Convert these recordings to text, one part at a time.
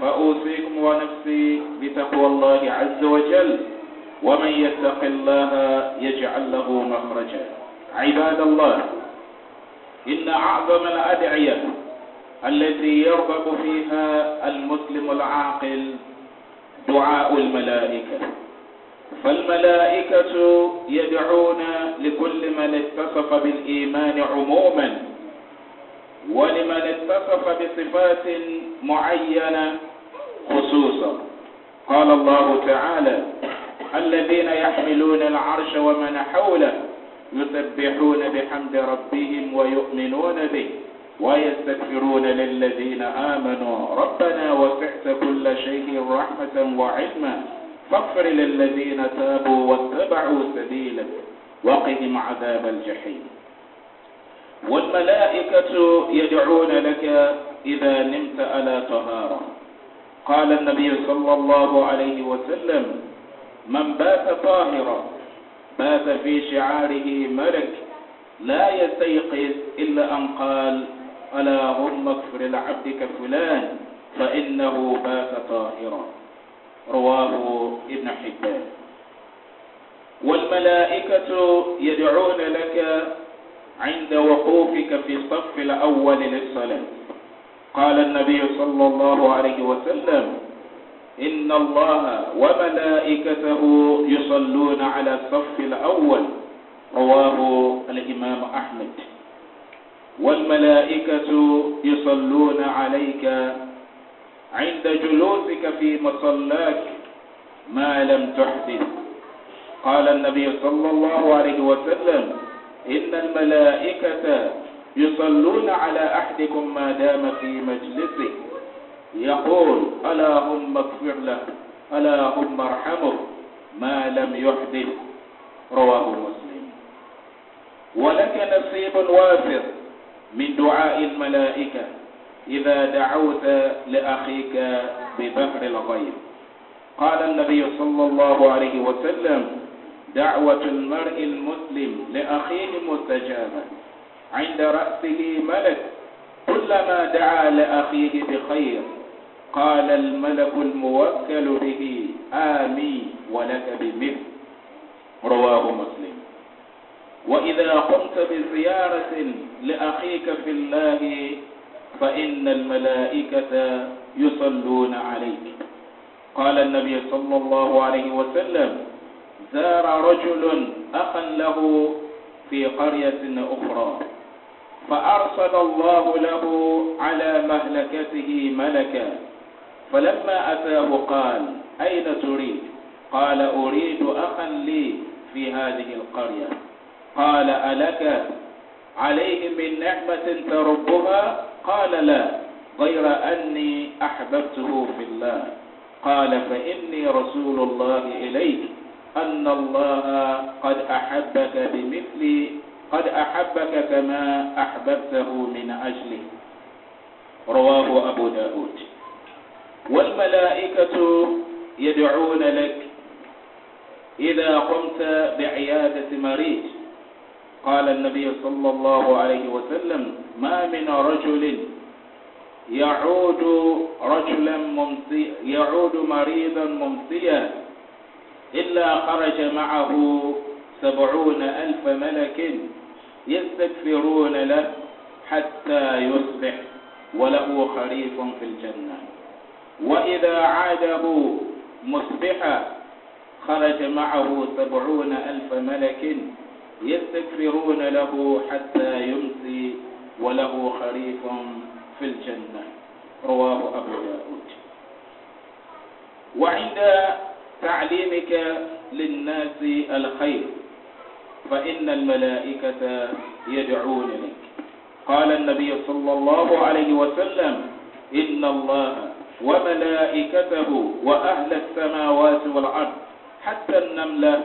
فأوصيكم ونفسي بتقوى الله عز وجل ومن يتق الله يجعل له مخرجا عباد الله إن أعظم الأدعية التي يرغب فيها المسلم العاقل دعاء الملائكة فالملائكة يدعون لكل من اتصف بالإيمان عموما ولمن اتصف بصفات معينة خصوصا قال الله تعالى الذين يحملون العرش ومن حوله يسبحون بحمد ربهم ويؤمنون به ويستغفرون للذين آمنوا ربنا وسعت كل شيء رحمة وعلما فاغفر للذين تابوا واتبعوا سبيلك وقهم عذاب الجحيم والملائكة يدعون لك إذا نمت على طهاره قال النبي صلى الله عليه وسلم من بات طاهرا بات في شعاره ملك لا يستيقظ إلا أن قال ألا هم اغفر لعبدك فلان فإنه بات طاهرا رواه ابن حبان والملائكة يدعون لك عند وقوفك في الصف الأول للصلاة قال النبي صلى الله عليه وسلم إن الله وملائكته يصلون على الصف الأول رواه الإمام أحمد والملائكة يصلون عليك عند جلوسك في مصلاك ما لم تحدث قال النبي صلى الله عليه وسلم إن الملائكة يصلون على أحدكم ما دام في مجلسه يقول هم اغفر له هم ارحمه ما لم يحدث رواه مسلم ولك نصيب وافر من دعاء الملائكة إذا دعوت لأخيك ببحر الغيب قال النبي صلى الله عليه وسلم دعوة المرء المسلم لأخيه مستجابة عند رأسه ملك كلما دعا لأخيه بخير قال الملك الموكل به آمين ولك بمثل رواه مسلم وإذا قمت بزيارة لأخيك في الله فإن الملائكة يصلون عليك قال النبي صلى الله عليه وسلم زار رجل أخا له في قرية أخرى فأرسل الله له على مهلكته ملكا فلما أتاه قال أين تريد قال أريد أخا لي في هذه القرية قال ألك عليه من نعمة تربها قال لا غير أني أحببته في الله قال فإني رسول الله إليك أن الله قد أحبك بمثل قد أحبك كما أحببته من أجله رواه أبو داود والملائكة يدعون لك إذا قمت بعيادة مريض قال النبي صلى الله عليه وسلم ما من رجل يعود رجلا ممسي يعود مريضا ممسيا إلا خرج معه سبعون ألف ملك يستغفرون له حتى يصبح وله خريف في الجنة وإذا عاده مصبحا خرج معه سبعون ألف ملك يستغفرون له حتى يمسي وله خريف في الجنة رواه أبو داود وعند تعليمك للناس الخير فإن الملائكة يدعونني قال النبي صلى الله عليه وسلم إن الله وملائكته وأهل السماوات والأرض حتى النملة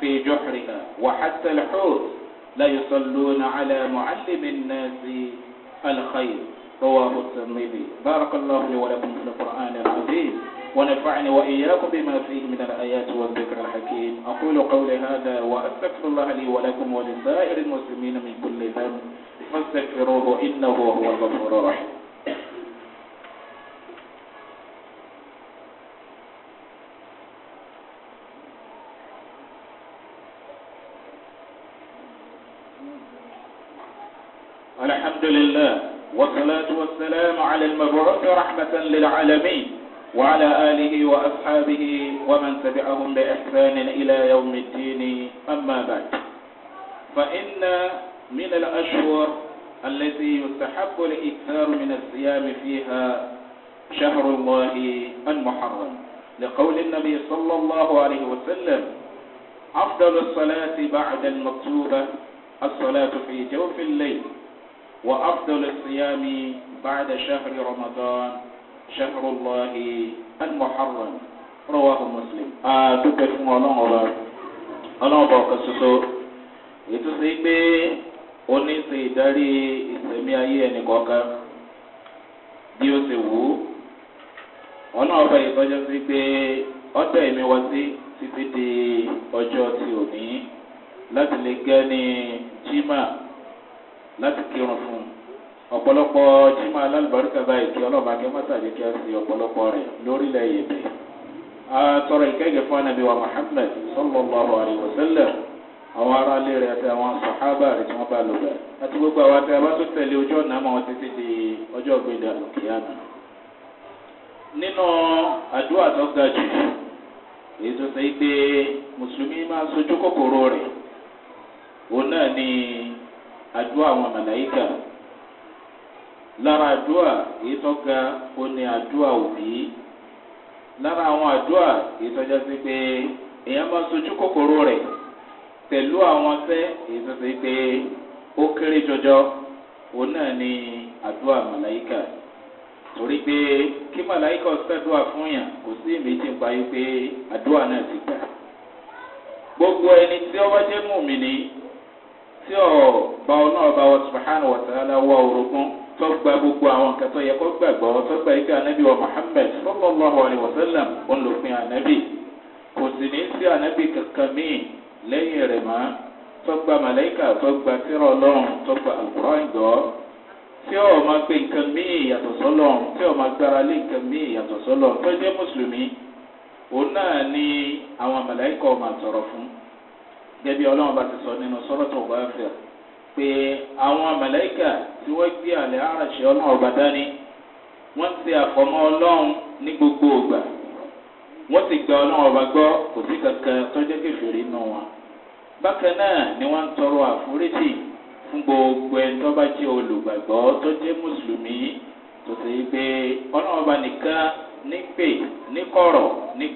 في جحرها وحتى الحوت لا يصلون على معلم الناس الخير رواه الترمذي بارك الله لي ولكم في القرآن العظيم ونفعني وإياكم بما فيه من الآيات والذكر الحكيم أقول قولي هذا وأستغفر الله لي ولكم ولسائر المسلمين من كل ذنب فاستغفروه إنه هو الغفور الرحيم الحمد لله والصلاة والسلام على المبعوث رحمة للعالمين وعلى آله وأصحابه ومن تبعهم بإحسان إلى يوم الدين أما بعد فإن من الأشهر التي يستحق الإكثار من الصيام فيها شهر الله المحرم لقول النبي صلى الله عليه وسلم أفضل الصلاة بعد المكتوبة الصلاة في جوف الليل وأفضل الصيام بعد شهر رمضان شهر الله المحرم رواه مسلم àdúgbò fún ọlọ́run ọba ọlọ́run ọba ọ̀kan ṣoṣo ètò sí pé oníṣe ìdarí ìsẹ̀mí ayé ẹnìkọ̀ọ̀kan bí ó ti wù ú ọlọ́run ọba ìtọ́jú sí pé ọ̀dọ̀ èmi wá sí títí di ọjọ́ ti òní láti lè gẹ́ ní jimá láti kírun fún un ọ̀pọ̀lọpọ̀ jimá alálùbáríkà báyìí kí ọlọ́ọ̀bá kẹ́ mọ́sàdé kí a sì ọ̀pọ̀lọpọ̀ rẹ̀ lórílẹ̀ èdè. àtọ̀rọ̀ ìkẹ́gẹ́ fún anabi wa muhammed sallallahu alayhi wa sallam àwọn ará ilé rẹ̀ àti àwọn sàhábà rẹ̀ tí wọ́n bá lò rẹ̀ àti gbogbo àwọn àti àbá tó tẹ̀lé ojú ọ̀nà àmọ́ títí di ọjọ́ gbẹ̀dẹ̀ àlùkìyàmù. nínú àdúrà tó ga jù èyí tó lára àdúà èyí tó ga ó ní àdúà òbí lára àwọn àdúà èyí tó já sí pé èèyàn máa sojú kòkòrò rẹ̀ pẹ̀lú àwọn sẹ́ èyí tó sí pé ó kéré jọjọ òun náà ní àdúà màláìkà torí pé kí màláìkà ṣàdúà fún yàn kò sí èméjì ń parí pé àdúà náà ti gbà gbogbo ẹni tí ó bá jẹ́ mùmínì tí ó bá ọ náà bá wa subhanahu orogún tó gba gbogbo àwọn nǹkan tó yẹ kó gbàgbọ́ tó gba ike anabi wa muhammed sallallahu alayhi wa sallam ó lò fún anabi kò sì ní sí anabi kankan míì lẹ́yìn rẹ̀ mọ́ tó gba màlẹ́kà tó ọlọ́run tó gba àkùrọ̀ tí ọ̀ máa gbé nǹkan míì yàtọ̀ sọ́lọ̀ tí ọ̀ máa gbára lé nǹkan míì yàtọ̀ sọ́lọ̀ tó jẹ́ mùsùlùmí òun náà ni àwọn màlẹ́kà ọ̀ máa tọrọ fún gẹ́gẹ́ bí ọlọ́run bá ti sọ nínú sọ́rọ̀ tó pé àwọn mẹlẹ́kà tí wọ́n gbé àlẹ́ àràṣẹ ọlọ́run ọba dání wọ́n ti àfọmọ́ ọlọ́run ní gbogbo ògbà wọ́n ti gba ọlọ́run gbọ́ kò sí kankan tọ́jọ́ kẹfìrí nù wọn. bákan náà ni wọ́n ń tọrọ àforíjì fún gbogbo ẹni tó bá jẹ́ olùgbàgbọ́ tó jẹ́ mùsùlùmí tó sì pé ọlọ́run nìkan ní pè ní kọ̀rọ̀ ní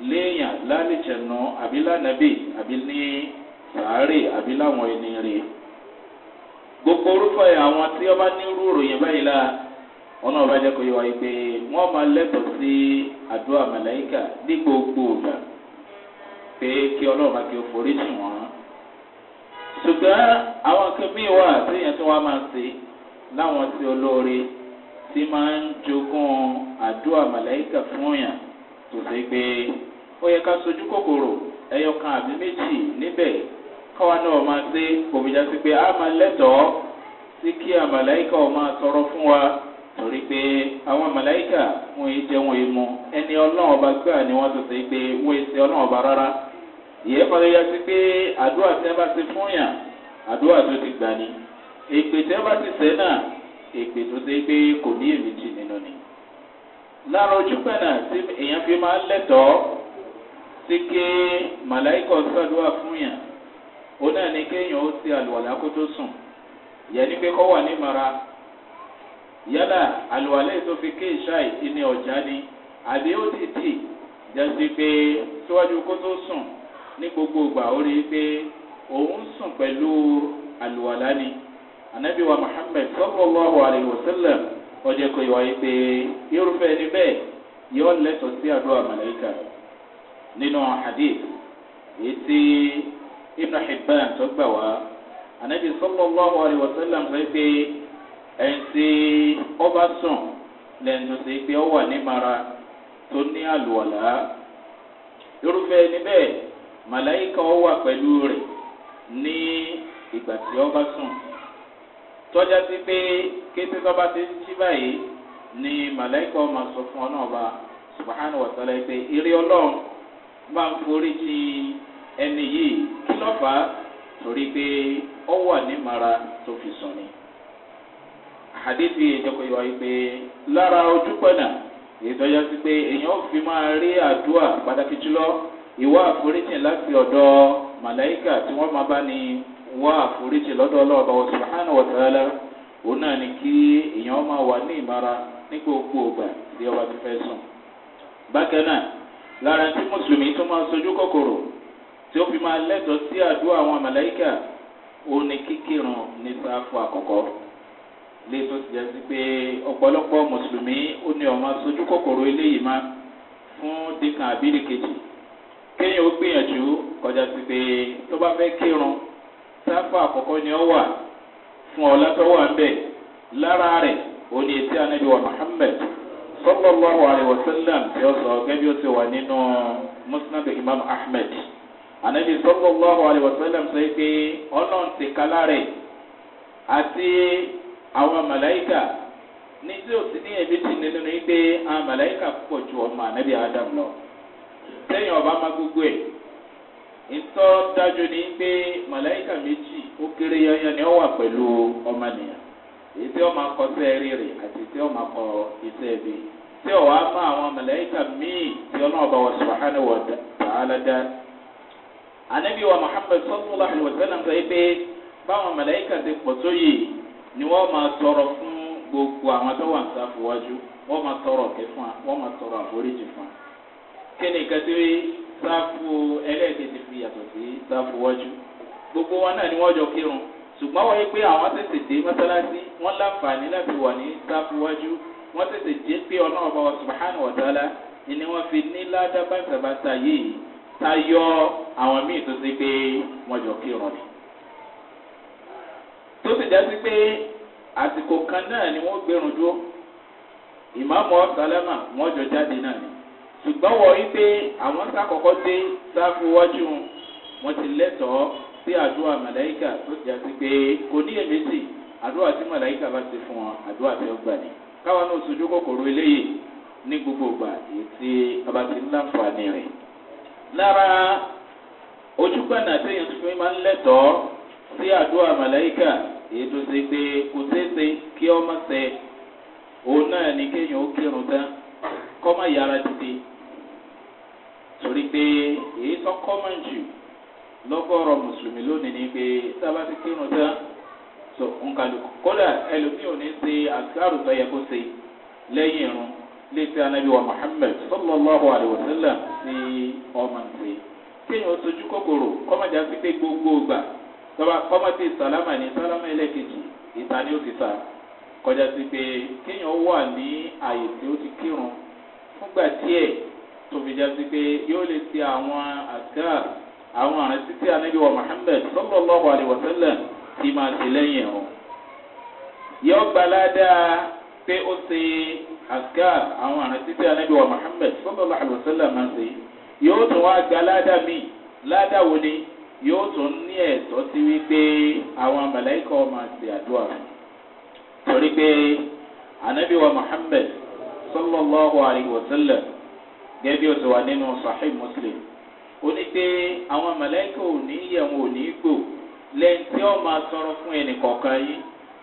léèyàn lálìjẹ̀nà àbí àbí ní sàárè àbí láwọn ẹni rè gbogbo orúkọ yẹn àwọn tí wọn bá ní irú òròyìn báyìí la wọn náà bá jẹ kó yẹ wáyé pé wọn máa lẹtọ sí àdúrà màláìkà ní gbogbo ìgbà pé kí ọlọ́run bá kí o forí sùn wọn. ṣùgbọ́n àwọn kan míì wà téèyàn tó wá máa ṣe láwọn tí olóore tí máa ń jogún àdúrà màláìkà fún yàn tó ṣe ó yẹ ká sojú kòkòrò ẹyọ kan àbí méjì níbẹ̀ káwa náà máa ṣe òmìnira sí pé a máa lẹ́tọ̀ọ́ sí kí àmàláìkà ọ̀ máa sọ̀rọ̀ fún wa torí pé àwọn àmàláìkà wọn yìí jẹ́ wọn yìí mu ẹni ọlọ́run ọba gbà ni wọ́n ti sè é pé wọ́n yìí ṣe ọlọ́run ọba rárá ìyẹn pàtó yẹ sí pé àdúrà tí wọ́n bá ti fún yàn àdúrà tó ti gbà ni èpè tí bá ti sẹ́ náà èpè tó ṣe pé kò ní èmi jì nínú ni. lára ojú pẹ̀nà tí èèyàn fi máa lẹ́tọ̀ọ́ sí ké màláìkọ̀ sàdúrà fún yàn ó náà ní kéèyàn ó ti àlùwàlá kó tó sùn ìyẹn ní pé kọ́ wà ní mara yálà àlùwàlá tó fi ké ìṣáì ìní ọ̀já ni àbí ó ti tì jẹ́sí pé síwájú kó tó sùn ní gbogbo ìgbà ó rí i pé òun sùn pẹ̀lú àlùwàlá ni anabi wa muhammed sallallahu alayhi wa sallam ọjọ́ kò yọ wáyé pé irúfẹ́ ẹni bẹ́ẹ̀ yọ lẹ́tọ̀ọ́ sí àdúrà màláìkà nínú hadith èyí tí ibnu hibban tó gbà wá anabi sallallahu alayhi wa sallam sọ pé ẹni tí ó bá sùn lẹ́nu sí pé ó wà ní mara tó ní àlùwàlá irúfẹ́ ẹni bẹ́ẹ̀ màláyíkà ó wà pẹ̀lú rẹ̀ ní ìgbà tí ó bá sùn tọ́já sí pé kété tó ti ń jí báyìí ni màláyíkà ó máa sọ fún ọ náà bá subahana wa pé eré ọlọ́run bá ń forí ti ẹni yìí kí ló fà á torí pé ó wà ní mara tó fi sùn ni. àdébí ìjọkọ̀ yìí wáyé pé lára ojú pẹ̀nà ìtọ́já sí pé èèyàn ò fi máa rí àdúrà pàtàkì jùlọ ìwà àforíjìn láti ọ̀dọ̀ màláìkà tí wọ́n máa bá ní wá àforíjìn lọ́dọ̀ ọlọ́ọ̀bà ọ̀sùnmọ́hánà wọ̀tàlá òun náà ni kí èèyàn máa wà ní ìmara ní gbogbo ògbà tí ọba ti fẹ́ sùn. bákan náà lára tí mùsùlùmí tó máa sojú kòkòrò tí ó fi máa lẹ́tọ̀ọ́ sí àdúrà àwọn màláìkà ó ní kíkìrùn ní sáfù àkọ́kọ́ lè tó ti pé ọ̀pọ̀lọpọ̀ mùsùlùmí ó ní ọ̀ma sojú kòkòrò eléyìí má fún dìkan àbílì kejì kéèyàn ó gbìyànjú kọjá sí pé tó bá fẹ́ kírun sáfù àkọ́kọ́ ni ó sallallahu alayhi wa sallam yóò sọ gẹ́gẹ́ bí ó ti wà nínú musnad imam ahmed anabi sallallahu alayhi wa sallam sọ pé ọlọ́run ti kálá àti àwọn màláìkà ní tí ó ti ní ẹbí ti nínú ní àwọn púpọ̀ ju ọmọ anabi adam lọ sẹ́yìn ọba má gbogbo ẹ̀ ntọ́ dájú ni pé malaika méjì ó kéré ni ó wà pẹ̀lú èyí tí ó máa kọ àti tí ó máa kọ iṣẹ́ tí ọ̀ wá fún àwọn mẹlẹ́kà míì tí ọlọ́ọ̀bá wà subahana wà ta'ala dá. anabi wa muhammed sallallahu alayhi wa sọ pé báwọn mẹlẹ́kà ti ni wọ́n máa tọrọ fún gbogbo àwọn tó wà níta fòwájú wọ́n máa tọrọ ọ̀kẹ́ fún wa wọ́n máa tọrọ àforíjì fún wa. kí ni sáfù gbogbo wọn náà ni wọ́n jọ kírun àwọn tètè dé wọ́n láǹfààní láti wà ní wọ́n tètè jẹ́ pé ọlọ́run ọba subahana wàtálá ni wọ́n fi ní ládàbàtàbàtà yìí tayọ àwọn míì tó ti pé wọ́n jọ kírun ni. tó sì já sí pé àsìkò kan náà ni wọ́n gbẹ̀rùn dúró ìmáàmù ọ̀sálámà wọ́n jọ jáde náà ni. ṣùgbọ́n wọ̀ wípé àwọn sàkọ́kọ́ dé sáfù wọn ti lẹ́tọ̀ọ́ sí àdúrà màláìkà tó sì já sí pé kò ní èmẹ́sì àdúrà tí màláìkà bá ti fún wọn àdúrà tí ó gbà ni. káwa náà sojú kòkòrò eléyìí ní gbogbo ìgbà eti tí ọba ti ń láǹfààní rẹ̀. lára ojúgbọ́nà téèyàn si máa ń lẹ́tọ̀ọ́ sí àdúrà màláìkà èyí tó ṣe pé kò ṣeéṣe kí ọmọ ṣe òun náà ní kéèyàn ó kírun tán dìde torí pé so nkàlùkù kódà ẹlòmíì ò ní ṣe àtúrò tó yẹ kó ṣe irun létí anabi wa muhammed sallallahu alayhi ní ọmọ kéèyàn sojú kòkòrò gbogbo gbà kọ́mọ̀tì salama ni ó ti itali kọjá sí pé kéèyàn wà ní àyè tí ó ti kírun fúngbà tóbi já sí pé yóò lè ti àwọn àtúrò àwọn tí máa ṣe lẹ́yìn ẹ̀họ́. yọ gbalada pé ó ṣe asgar àwọn àrántí tí anabi wa muhammed sallallahu alayhi wa sallam máa ṣe yóò tún wá gbalada mi ládà wo ni yóò tún ní ẹ̀tọ́ sí wípé àwọn mẹlẹ́kọ̀ máa ṣe àdúrà torí pé anabi wa muhammed sallallahu alayhi gẹ́gẹ́ bí nínú sahih muslim ó ní pé àwọn mẹlẹ́kọ̀ ò ní yẹ̀ ò ní gbò yóò máa sọ̀rọ̀ fún ẹnì kọ̀ọ̀kan yìí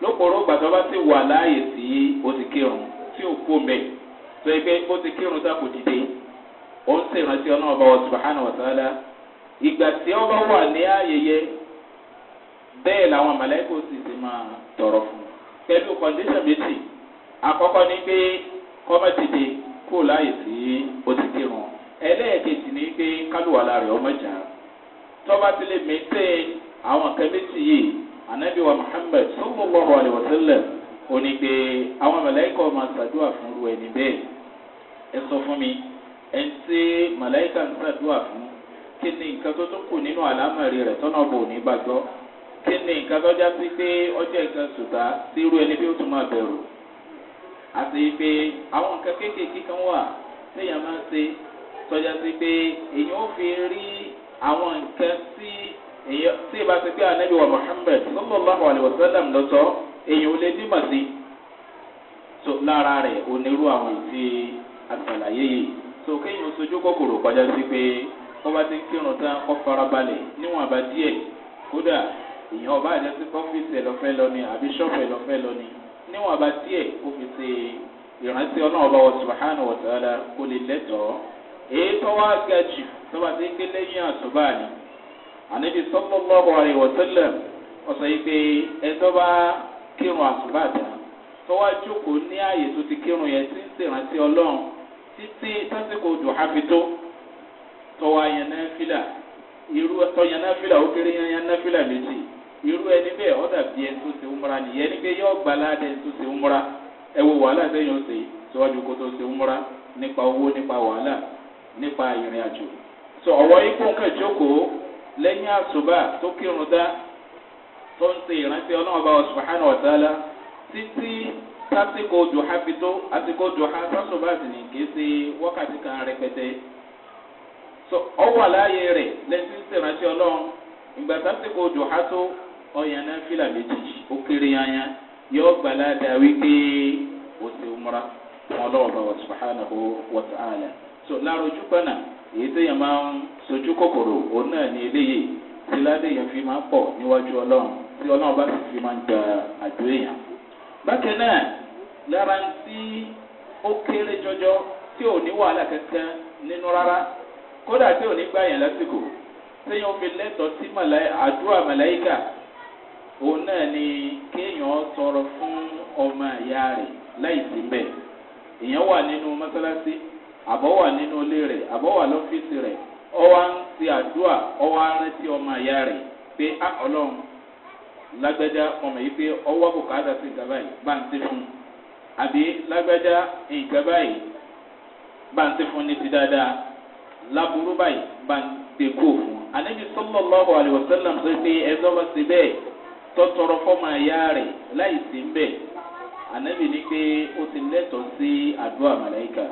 lóporó gbàtọ́ bá ti wà láàyè sí ó ti kírun tí ò kó mbẹ tó yẹ pé ó ti kírun tá kò dìde ó ń ṣèrántí ọlọ́run ọba subahana wa ta'ala ìgbà tí ó bá wà ní ayẹyẹ bẹ́ẹ̀ làwọn mọ̀lẹ́kọ̀ sì ti máa tọrọ fún un pẹ̀lú kọ́ndíṣàn méjì àkọ́kọ́ ni pé kọ́mọ́ ti dé kó láàyè sí ó ti kírun ẹlẹ́ẹ̀kejì ni pé kálùwà lára ọmọ jà tọ́ba ti lè mí àwọn kan méjì yìí anabi wa muhammed sallallahu alayhi wa sallam onígbé àwọn mẹlẹ́kà ọmọ àṣàdúrà fún ru ẹni bẹ́ẹ̀ ẹ sọ fún mi ẹ ń ṣe mẹlẹ́kà ń ṣàdúrà fún kí ni nǹkan tó tún kù nínú àlámọ̀rí rẹ̀ tọ́nà bò ní gbàgbọ́ kí ni nǹkan tó já sí pé ọjọ́ nǹkan ṣùtá sí irú ẹni bí ó tún máa bẹ̀rù àti pé àwọn nǹkan kéékèèké kan wà téèyàn máa ṣe tọ́já sí pé èèyàn ó fi rí àwọn nǹkan tí èyí tí ìbá ti pé anabi wa muhammed sallallahu alayhi wa sallam ló sọ èyí ò lè dímọ̀ sí so lára rẹ̀ onírú àwọn ti àgbàláyé yìí so kéyìn sojú kòkòrò kọjá sí pé kọ́ba ti ń kírun tán kọ́ farabalẹ̀ níwọ̀n àbá díẹ̀ kódà èèyàn ọba àjẹsí kọ́fíìsì ẹ̀ lọ́fẹ́ lọ ni àbí ṣọ́ọ̀fù ẹ̀ lọ́fẹ́ lọ ni níwọ̀n àbá díẹ̀ ó fi ṣe ìrántí ọlọ́run ọba subahana wa ta'ala kó lè lẹ́tọ̀ọ́ èyí tó wá ga jù tó bá ti ń gbé lẹ́yìn àtúbà ni ànábi sọ́kọ́lọ́wọ́ àrẹ wọ́tẹ́lẹ̀ ọ̀sẹ̀ yìí pé ẹjọ́ bá kírun àsùbàdà tọ́wá jókòó ní ààyè tó ti kírun yẹn tí ń ṣèrántí ọlọ́run títí tásìkò dùhà fi tó tọ́wá yẹn náà fìlà irú tọ́yẹn náà fìlà ó kéré yẹn náà méjì irú ẹni bẹ́ẹ̀ ọ̀dà bí ẹni tó ṣe ń múra nìyẹn ni pé yọ gbala ẹni tó ṣe ń múra ẹ wo wàhálà sẹ́yìn ọ̀sẹ̀ síwájú kó tó ṣe ń múra nípa owó nípa wàhálà nípa ìrìn àjò. sọ ọ̀rọ̀ ikú nǹkan jókòó lẹ́yìn àsùbà tó kírun dá tó ń ṣe ìrántí ọlọ́mọba subhanahu wa títí sásìkò jòhá fi tó àsìkò jòhá sásùbà sì ní kìí ṣe wákàtí kan rẹpẹtẹ ọ wà rẹ̀ lẹ́yìn ìrántí ọlọ́run ìgbà sásìkò jòhá tó ọyàn náà fìlà méjì ó kéré yanyan yóò gbàlá dàwí pé ó ṣe umra ọlọ́mọba subhanahu wa ta'ala so èyí téèyàn máa ń sojú kòkòrò òun náà ní eléyìí tí ládéèyàn fi máa ń pọ̀ níwájú ọlọ́run tí ọlọ́run bá sì fi máa ń gba àjò èèyàn. bákan lára ń tí ó kéré jọjọ tí ò ní wàhálà kankan nínú rárá kódà tí ò ní lásìkò lẹ́tọ̀ọ́ sí àdúrà màláìkà òun náà ni fún ọmọ ìyá rẹ̀ láì sí bẹ́ẹ̀ wà àbọ̀wà nínú ilé rẹ̀ àbọ̀wà lọ́fíìsì rẹ̀ ọwọ́ ń ti àdúrà ọwọ́ arántí ọmọ àyà rẹ̀ pé á ọlọ́run lágbájá ọmọ yìí pé ọwọ́ bùkátà sí nǹkan báyìí bá ń ti fún un àbí lágbájá nǹkan báyìí bá ń ti fún ní ti dáadáa láburú báyìí bá ń ti kó fún un. àníbi sọlọ́lọ́hu àlùwọ̀sálàm sọ pé ẹjọ́ bá ti bẹ́ẹ̀ tọ́tọrọ fọ́mọ àyà rẹ̀ láì sí ń bẹ̀ ànábì ní pé ó ti lẹ́tọ̀ọ́ sí àdúrà màláìkà.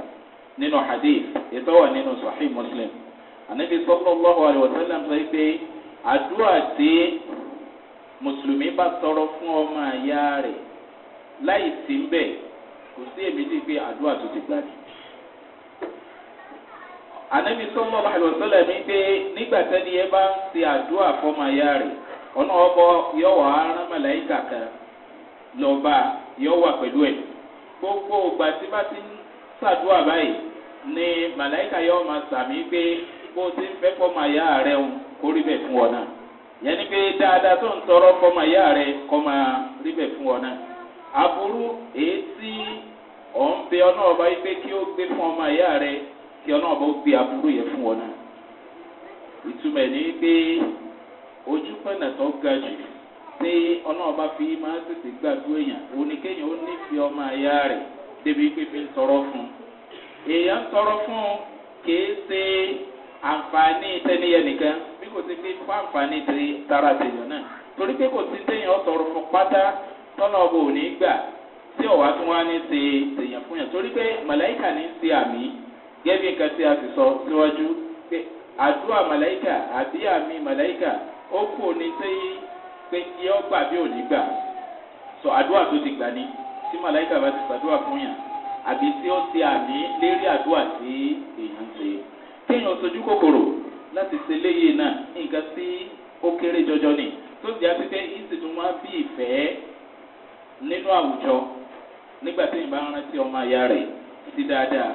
nịnụ hadith ètò nịnụ nínú sahih muslim anabi sallallahu alayhi wa sọ pé àdúrà tí mùsùlùmí bá tọrọ fún ọmọ àyá rẹ̀ láì sí ń kò sí èmi pé tó ti gbà anabi sallallahu alayhi wa sallam pé nígbà tẹ́ni ẹ bá ń ṣe àdúrà fọmọ àyá ọ̀nà ni màláìka ya ma sàmì pé o ti ń fẹ́ fọ́mà yá rẹ̀ ń kórì bẹ̀ fún ọ náà yẹn ni pé dáadáa tó ń tọrọ fọ́mà yá rẹ̀ kọ́ máa rí bẹ̀ fún ọ náà aburú èyí ọ̀ ń bẹ ọ pé kí gbé fún ọmọ kí ọ náà bá gbé aburú yẹn fún ọ náà ìtumọ̀ ní pé ojú pẹ̀lẹ̀ tó ga jù tí fi máa tètè gbàgbé èèyàn èèyàn tọrọ fún kìí ṣe àǹfààní tẹ́niyẹ nìkan bí kò ti pé fún àǹfààní ti tara tèèyàn náà torí pé kò sí téèyàn tọrọ fún pátá tọ́nà ọba ò ní gbà tí ọ̀wá tún wá ní ṣe tèèyàn fún yàn torí pé màláìkà ní ṣe àmì gẹ́gẹ́ nǹkan tí a ti sọ síwájú pé àdúrà màláìkà àbí àmì màláìkà ó kù ní sẹ́yìn pé yẹ́ ọ́ gbà bí ò gbà sọ àdúrà tó ti gbà ní tí màláìkà bá ti ṣàdúrà fún yàn àbí tí ó ti àmì lérí àdúrà tí èèyàn ṣe kéèyàn sojú kòkòrò láti ṣe léyè náà nǹkan tí ó kéré jọjọ ni tó sì á ti pé ìsìnkún wá bí ìfẹ́ nínú àwùjọ nígbà tí ìbá rántí ọmọ àyà rẹ̀ sí dáadáa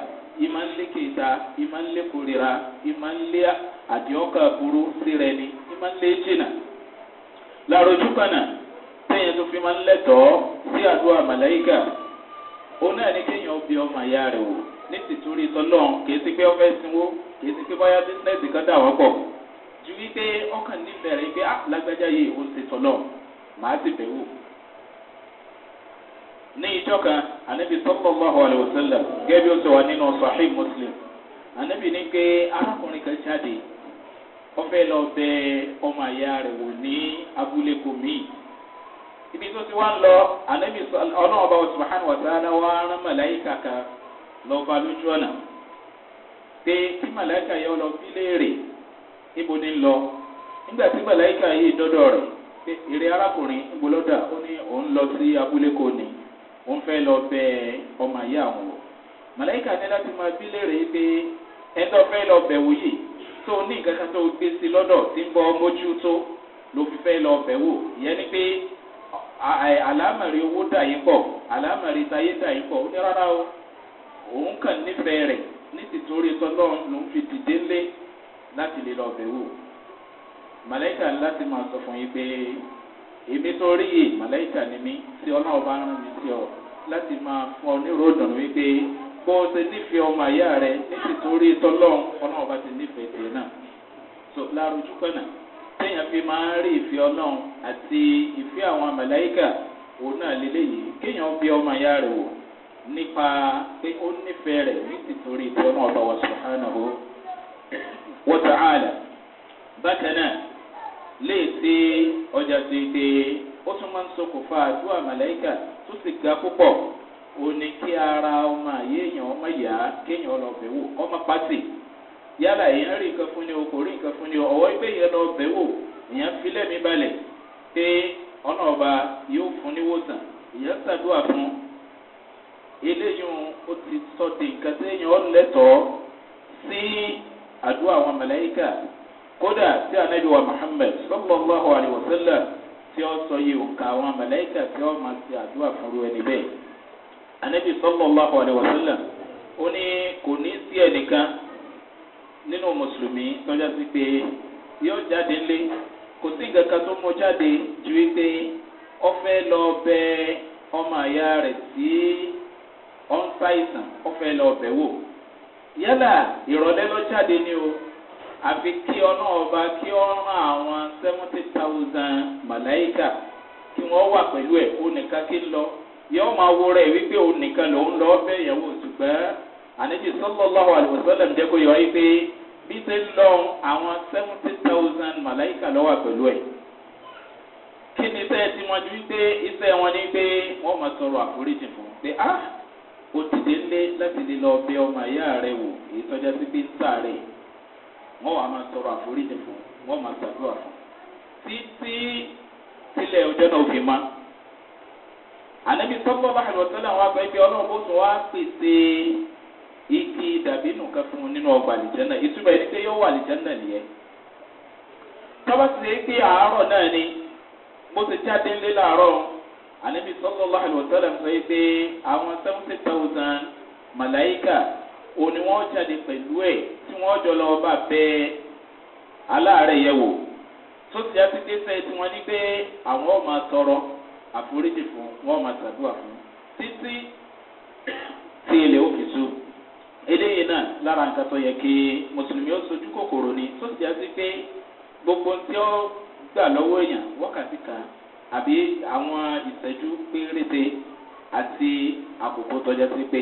ìmá ń lé kéta ìmá ń lé kórira ìmá ń lé àdìọ́kà burú sí rẹ ìmá ń lé jìnnà làròjú kan téèyàn tó fi máa ń lẹ́tọ̀ọ́ sí àdúrà màláyíkà. òun náà ní kéèyàn bí ọmọ ìyá rẹ̀ wò ní tìtúrí tọ́lọ́run kìí sí pé ó fẹ́ sinwó kìí sí pé báyá bísínẹ́sì kan dà wọ́pọ̀ ju wípé ọkàn nífẹ̀ẹ́ rẹ̀ pé ah, lágbájá yìí ó ṣe tọ́lọ́run màá sì bẹ̀ wò. ní ìjọ kan ànábì gẹ́gẹ́ bí ó sọ wà nínú ní pé arákùnrin kan lọ ọmọ ìyá wò ní ibi tó ti wá lọ ànábì ọlọ́run ọba ọ̀sùnmọ̀hánù ọ̀sánà wá rán màláìka kan lọ bá lójú ọ̀nà pé tí màláìka yẹn lọ bí léèrè ibo ni lọ nígbà tí màláìka yìí dọ́dọ̀ rẹ̀ pé èrè arákùnrin ńgbọ́lọ́dà ó ní òun lọ sí abúlé kò ní òun fẹ́ lọ bẹ ọmọ ayé àwọn wò màláìka ní láti máa bí léèrè pé ẹ̀ńdọ́ fẹ́ lọ bẹ̀wò yìí tó ní nǹkan kan tó gbé sí lọ́dọ̀ tí ń bọ́ mójú tó ló fi fẹ́ lọ bẹ̀wò ìyẹn ni pé àlámọ̀rí owó dà yín pọ̀ àlámọ̀rí táyé dà yín pọ̀ ó ní rárá o òun kàn nífẹ̀ẹ́ rẹ̀ ní tìtorí tọ́lọ́run ló ń fi dìde lé láti lè lọ bẹ̀wò màláìkà láti máa sọ fún yín pé èmi tó rí yìí màláìkà ni mí tí ọlọ́run bá rán mi sí ọ láti máa fún ọ ní ròdùn wípé bó o ṣe nífẹ̀ẹ́ ọmọ àyá rẹ ní tìtorí tọ́lọ́run ọlọ́run bá ti nífẹ̀ẹ́ tiẹ̀ náà so lárojú kan náà. téèyàn fi máa ń rí ìfẹ́ ọlọ́run àti ìfẹ́ àwọn màláíkà òun náà lélẹ́yìí kéèyàn bí ọmọ ìyá rẹ̀ wò nípa pé ó nífẹ̀ẹ́ rẹ̀ nítorí ìfẹ́ náà lọ́wọ́ subhanahu bákan náà léè ọjà ti ó tún máa ń àdúrà tó sì ga púpọ̀ kí ara ọmọ àyè èèyàn ọmọ ìyá kéèyàn ọmọ yálà èèyàn rí nǹkan fún ni o kò rí nǹkan fún ni o ọ̀wọ́ pé lọ bẹ̀ wò èèyàn fi lẹ́mìí balẹ̀ pé ọ̀nà ọba yóò fún níwòsàn èèyàn ṣàdúrà fún eléyìí ó ti sọ di nǹkan tí èèyàn ó lẹ́tọ̀ọ́ sí àdúrà àwọn mẹlẹ́yìká kódà tí anabi wa muhammed sallallahu alayhi tí ó sọ yìí òǹkà àwọn mẹlẹ́yìká tí ó máa àdúrà fún ru ẹni bẹ́ẹ̀ anabi ó ní kò ní sí nínú mùsùlùmí tọ́já sí pé yóò jáde lé kò sí nǹkan kan tó mọ jáde ju wípé lọ bẹ ọmọ àyà rẹ̀ si ọ ṣàìsàn ọfẹ́ lọ bẹ̀ wò yálà ìrọ̀lẹ́ lọ jáde ni o àfi kí ọba kí ọ rán àwọn seventy thousand malaika kí wọ́n wà pẹ̀lú ẹ̀ ó kí lọ yóò máa wo rẹ̀ wípé lòún ànábì sọlọ́láhu àlùwẹ̀sọ́lẹ̀m jẹ́ kó yọ ẹ́ pé bí ṣe ń lọ àwọn seventy thousand màláìkà lọ́wọ́ pẹ̀lú ẹ̀. kí ni iṣẹ́ tí wọ́n ju pé iṣẹ́ wọn ni pé wọ́n máa sọ̀rọ̀ àforíjì fún un ah o ti dé lé láti o lọ bẹ ọmọ ìyá rẹ wò èyí tọ́já sí pé ń sáré wọ́n wàá máa sọ̀rọ̀ àforíjì fún un wọ́n máa ṣàdúrà fún un títí tilẹ̀ ọjọ́ náà fi máa anabi sọgbọn bá àlọ sọlá wọn abẹ bí Ọlọ́run bó tún wá pèsè igi dàbí nù kan fún un nínú ọgbà àlìjẹ́nà ìtumọ̀ ẹni pé yóò wà àlìjẹ́nà nìyẹn. tọ́ba ti ṣe pé àárọ̀ náà ni mo ti jáde ńlẹ́ làárọ̀ ànábi sọ́kọ́lá àlùwọ̀tẹ́lẹ̀ sọ pé àwọn seventy thousand màláìkà òní wọ́n jáde pẹ̀lú ẹ̀ tí wọ́n jọ lọ bá bẹ aláàárẹ̀ yẹ wò tó ti àti dẹ́sẹ̀ tí wọ́n ní pé àwọn ọmọ tọrọ àforíjì fún wọn ọmọ tàdúrà fún títí tí ilẹ̀ òkè sùn eléyìí náà lára nǹkan tó yẹ kí mùsùlùmí ó sojú kòkòrò ni tó sì á sí pé gbogbo tí ó gbà lọ́wọ́ èèyàn wákàtí kan àbí àwọn ìṣẹ́jú péréte àti àkókò tọ́jà sí pé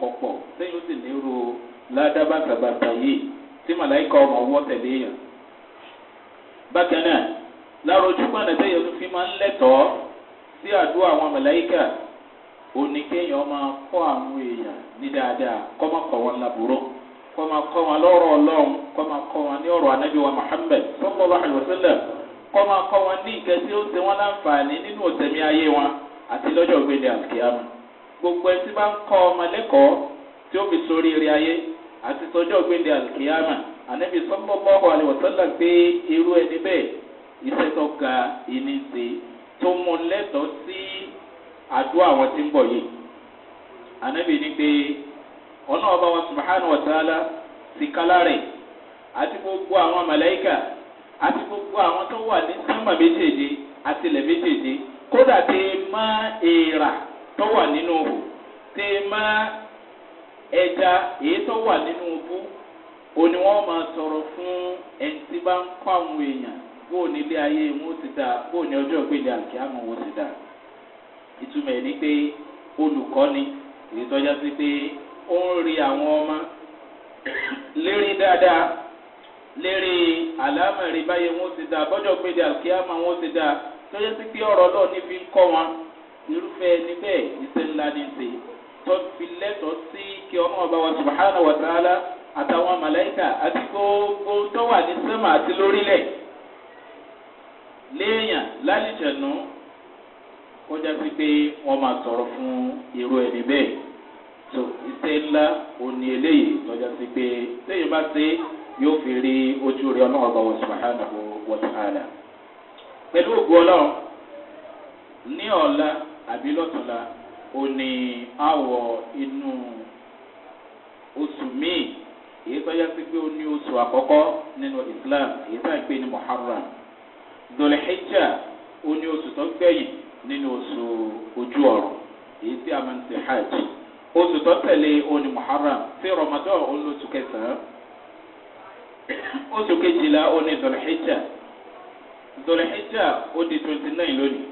kọ̀pọ̀ sẹ́yìn ó sì nírú ládàbàtàbàtà yìí tí màláìka ọmọ ọwọ́ tẹ̀lé èèyàn. bákan náà lára ojú pọ̀nà tó fi máa ń lẹ́tọ̀ọ́ sí àdúrà àwọn màláìka òní kéèyàn máa kọ́ àwọn èèyàn ní dáadáa kọ́ máa kọ́ wọn lábúrò kọ́ máa kọ́ wọn lọ́rọ̀ ọlọ́run kọ́ máa kọ́ wọn ní ọ̀rọ̀ wa Muhammad sallallahu kọ́ máa kọ́ wọn ní ìkẹ́ tí ó wọ́n láǹfààní nínú òtẹ̀mí ayé wọn àti gbogbo eti bá ń kọ́ ọmọ lẹ́kọ̀ọ́ tí ó fi sórí eré ayé àti sọjọ́ gbélé àkíyàmù ànábì a àwọn tí ń bọ̀ yìí anabi ni pé ọ̀nà ọba wa subahana wa taala ti kala àti gbogbo àwọn malaika àti gbogbo àwọn tó wà ní ati méjèèjì àti ilẹ̀ méjèèjì kódà tí má èèrà tó wà nínú òhù tí má ẹja èyí tó wà nínú òní wọn máa fún ẹni tí bá ń àwọn èèyàn bóò ti dáa bóò ìtumọ̀ ẹ̀ ni pé olùkọ́ni ìtọ́já sí pé ó ń rí àwọn ọmọ lérí dáadáa lérí rí báyẹn wọn ti dáa bọ́jọ́ péde àkíyàmá wọn ti dáa tọ́já sí pé ọ̀rọ̀ náà ní fi ń kọ́ wọn irúfẹ́ ẹni subahana wa àtàwọn màláìkà àti gbogbo tó wà ní sẹ́mà àti lórílẹ̀ kó jásí pé wọ́n máa sọ̀rọ̀ fún irú ẹni bẹ́ẹ̀ tó iṣẹ́ ńlá òní eléyìí tó jásí pé lẹ́yìn bá ṣe yóò fi rí ojú rẹ ọlọ́run ọba wọn subahana wa ta'ala pẹ̀lú ògbó ọlọ́run ní ọ̀la àbí lọ́tọ̀la òní àwọ̀ inú oṣù míì èyí tó yá sí pé ó ní oṣù àkọ́kọ́ nínú islam èyí tó ń pè ní muharram dòlẹ́hẹ́jà ó ní oṣù tó gbẹ̀yìn nínú oṣù ojú ọ̀rọ̀ èyí tí a máa ń Otu hajj oṣù tó tẹ̀lé oní muharram tí ramadan olóṣù kẹsàn-án oṣù kejìlá oní zolhijja zolhijja ó di twenty nine lónìí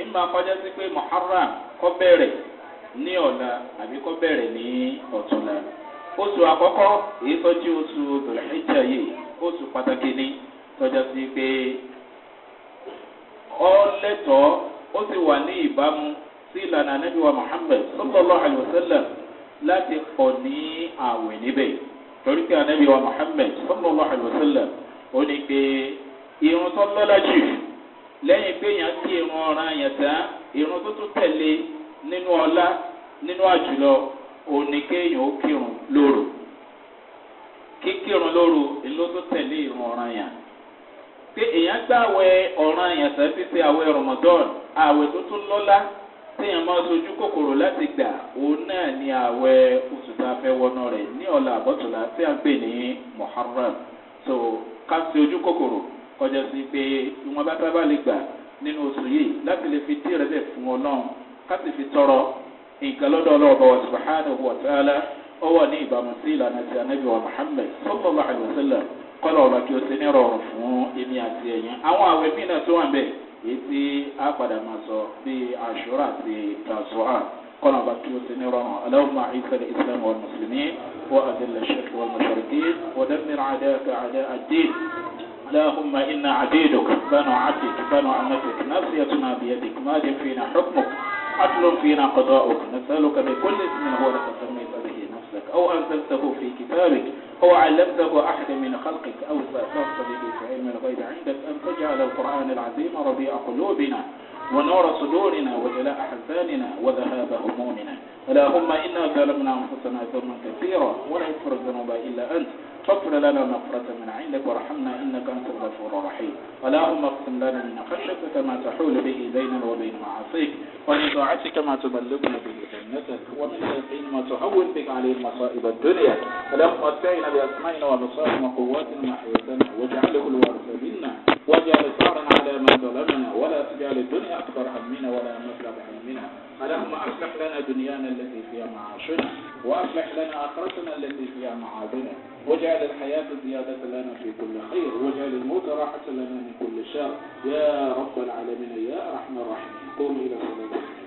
ìmọ̀ akọ́jà sí pé muharram kọ́ bẹ̀rẹ̀ ní ọ̀la àbí kọ́ bẹ̀rẹ̀ ní ọ̀túnla oṣù àkọ́kọ́ èyí ji osu oṣù ye, yìí oṣù pàtàkì ni tọ́jà sí pé ó sì wà ní ìbámu sí ìlànà anábì wa muhammed sallallahu alayhi wa sallam láti pọ̀ ní àwẹ̀ níbẹ̀ torí pé anábì wa muhammed sallallahu alayhi wa sallam ó ní pé irun tó lọ́lá jù lẹ́yìn pé yàn kí irun ọ̀ràn yàn tán irun tó tún tẹ̀lé nínú ọlá nínú àjùlọ òní kéèyàn ó kírun lóru kíkírun lóru ìlú tó tẹ̀lé irun ọ̀ràn yàn pé èèyàn gbà àwẹ̀ ọ̀ràn àyànsán fi ṣe àwẹ̀ rọmọdọ́n àwẹ̀ tó tún lọ́lá téèyàn máa sojú kòkòrò láti gbà òun náà ni àwẹ̀ oṣù tá a fẹ́ wọnú rẹ̀ ní ọ̀la àbọ̀tòlá tí a ń pè ní muharram so ká ṣe ojú kòkòrò kọjá sí pé ìwọ̀n bá tá lè gbà nínú oṣù yìí láti lè fi dí rẹ̀ lẹ̀ fún ọlọ́run ká sì fi tọrọ nǹkan lọ́dọ̀ ọlọ́ọ̀bà wa wa ta'ala ọwọ́ ní ìbámu sí ìlànà ti sallallahu alayhi wa kọ́lọ̀ ọ̀rọ̀ kí o ṣe ní rọrùn fún èmi àti ẹ̀yin àwọn àwẹ̀ míì náà tó wà ń bẹ̀ èyí tí a padà máa sọ bíi àṣúrà àti tàṣùhà kọ́lọ̀ ọ̀rọ̀ kí o ṣe ní rọrùn aláwọ̀mọ̀ àìsàn islam wa mùsùlùmí wa adìlẹ̀ ṣẹ́kì wa mùsùlùmí wa dẹ́mìrì àdáka àdá àdé اللهم إنا عبيدك بنو عبدك بنو عمتك ناصيتنا بيدك ماض فينا حكمك عدل فينا قضاؤك نسألك بكل اسم هو لك سميت نفسك أو أنزلته في كتابك أو علمته أحد من خلقك أو استأثرت به في علم الغيب عندك أن تجعل القرآن العظيم ربيع قلوبنا ونور صدورنا وجلاء أحزاننا وذهاب همومنا اللهم إنا ظلمنا أنفسنا ظلما كثيرا ولا يغفر الذنوب إلا أنت فاغفر لنا مغفرة من عندك وارحمنا إنك أنت الغفور الرحيم اللهم اقسم لنا من خشيتك ما تحول به بيننا وبين معاصيك ومن طاعتك ما تبلغنا به جنتك ومن اليقين ما تهون بك عليه مصائب الدنيا اللهم اتعنا بأسمائنا وبصائرنا وقواتنا وحياتنا واجعله الوارث منا واجعل ثارنا على من ظلمنا ولا تجعل الدنيا أكبر همنا ولا مبلغ همنا اللهم أصلح لنا دنيانا التي فيها معاشنا وأصلح لنا آخرتنا التي فيها معادنا واجعل الحياة زيادة لنا في كل خير واجعل الموت راحة لنا من كل شر يا رب العالمين يا أرحم الراحمين قوموا إلى صلاتكم